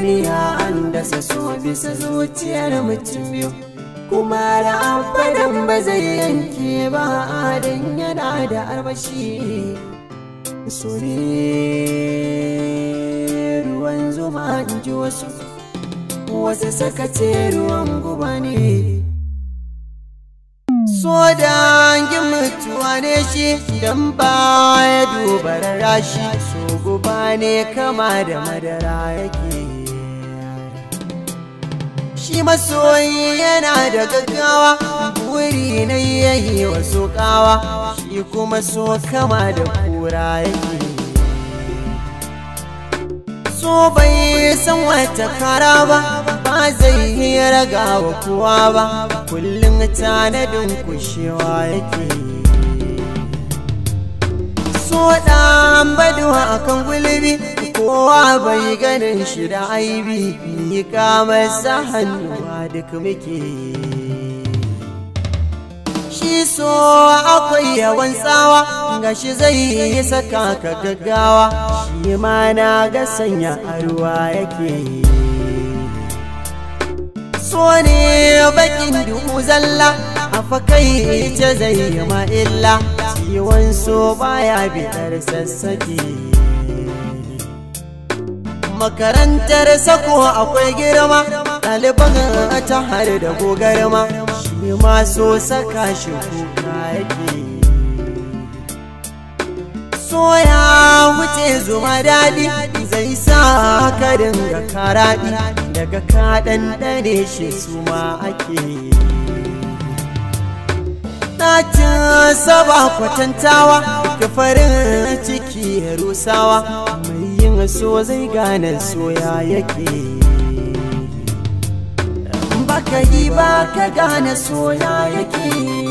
duniya an dasa so bisa zuciyar mutum biyu kuma ra'abadan ba zai yanke ba adan yana da armashi sore ruwan zuma in ji wasu wasu sakace ruwan guba ne so dangin mutuwa ne shi don ba ya duba rashi so guba ne kama da madara yake shi masoyi yana da gaggawa wuri na yayi wasu kawa shi kuma so kama da kura yake so bai san wata kara ba ba zai iya ragawa kowa ba kullum tanadin kushewa yake so ɗan baduwa akan gulbi kowa bai ganin shi da aibi yi ka masa hannuwa duk muke shi so akwai yawan tsawa ga shi zai yi saka ka gaggawa shi ma na ga sanya arwa yake so ne bakin duhu zalla a fakai ce zai yi ma illa ciwon so baya bitar sassake makarantar sako akwai girma ɗaliban ta har da gogarma shi ma so saka shi kuka yake Soya wuce zuma daɗi zai sa karin dinga karaɗi daga kaɗan ɗare shi su ake ɗacin saba kwatantawa ka farin ciki ya rusawa mai yin so zai gane soya yake baka yi ba ka gane soya yake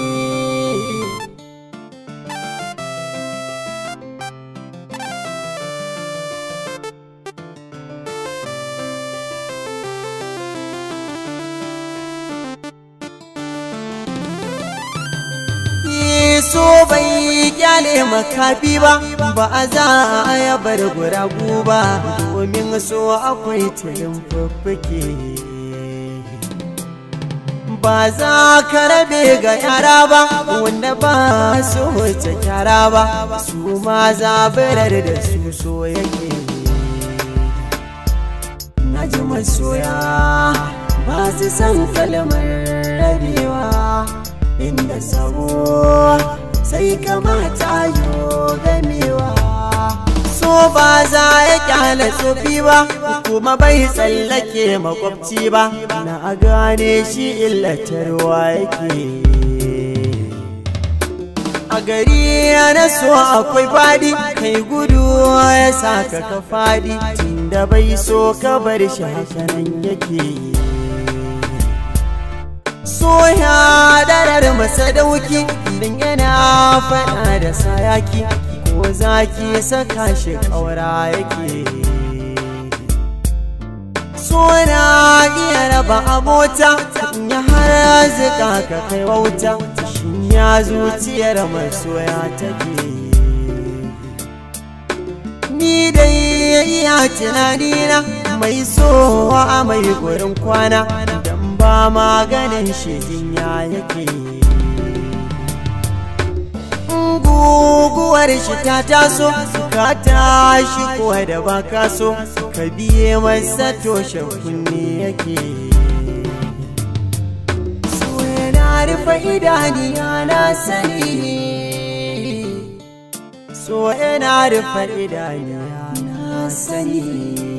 so bai kyale makafi ba ba a za a bar guragu ba domin so akwai tirin fuffuke ba za ka rabe ga yara ba wanda ba so ta kyara ba su ma barar da su so yake na ji masoya ba su san kalmar rabewa inda sabo sai kamata yo gamewa so ba za ya kyale tsofi ba kuma bai tsallake makwabci ba na gane shi illatarwa yake a gari na so akwai fadi kai gudu ya saka ka fadi tunda bai so ka bar shi hakanan yake soya darar masa dauki don yana faɗa da sayaki ko zaki saka shi ƙaura yake Suna iya raba abota ya har zika ka kai wauta shi ya zuciyar soya take ni dai iya tunanina mai sowa mai gurin kwana ba maganin shi jinya yake guguwar shi ta taso ka tashi kuwa da baka so ka biye masa toshe kunne yake so rufe idani na sani so yana rufe idani na sani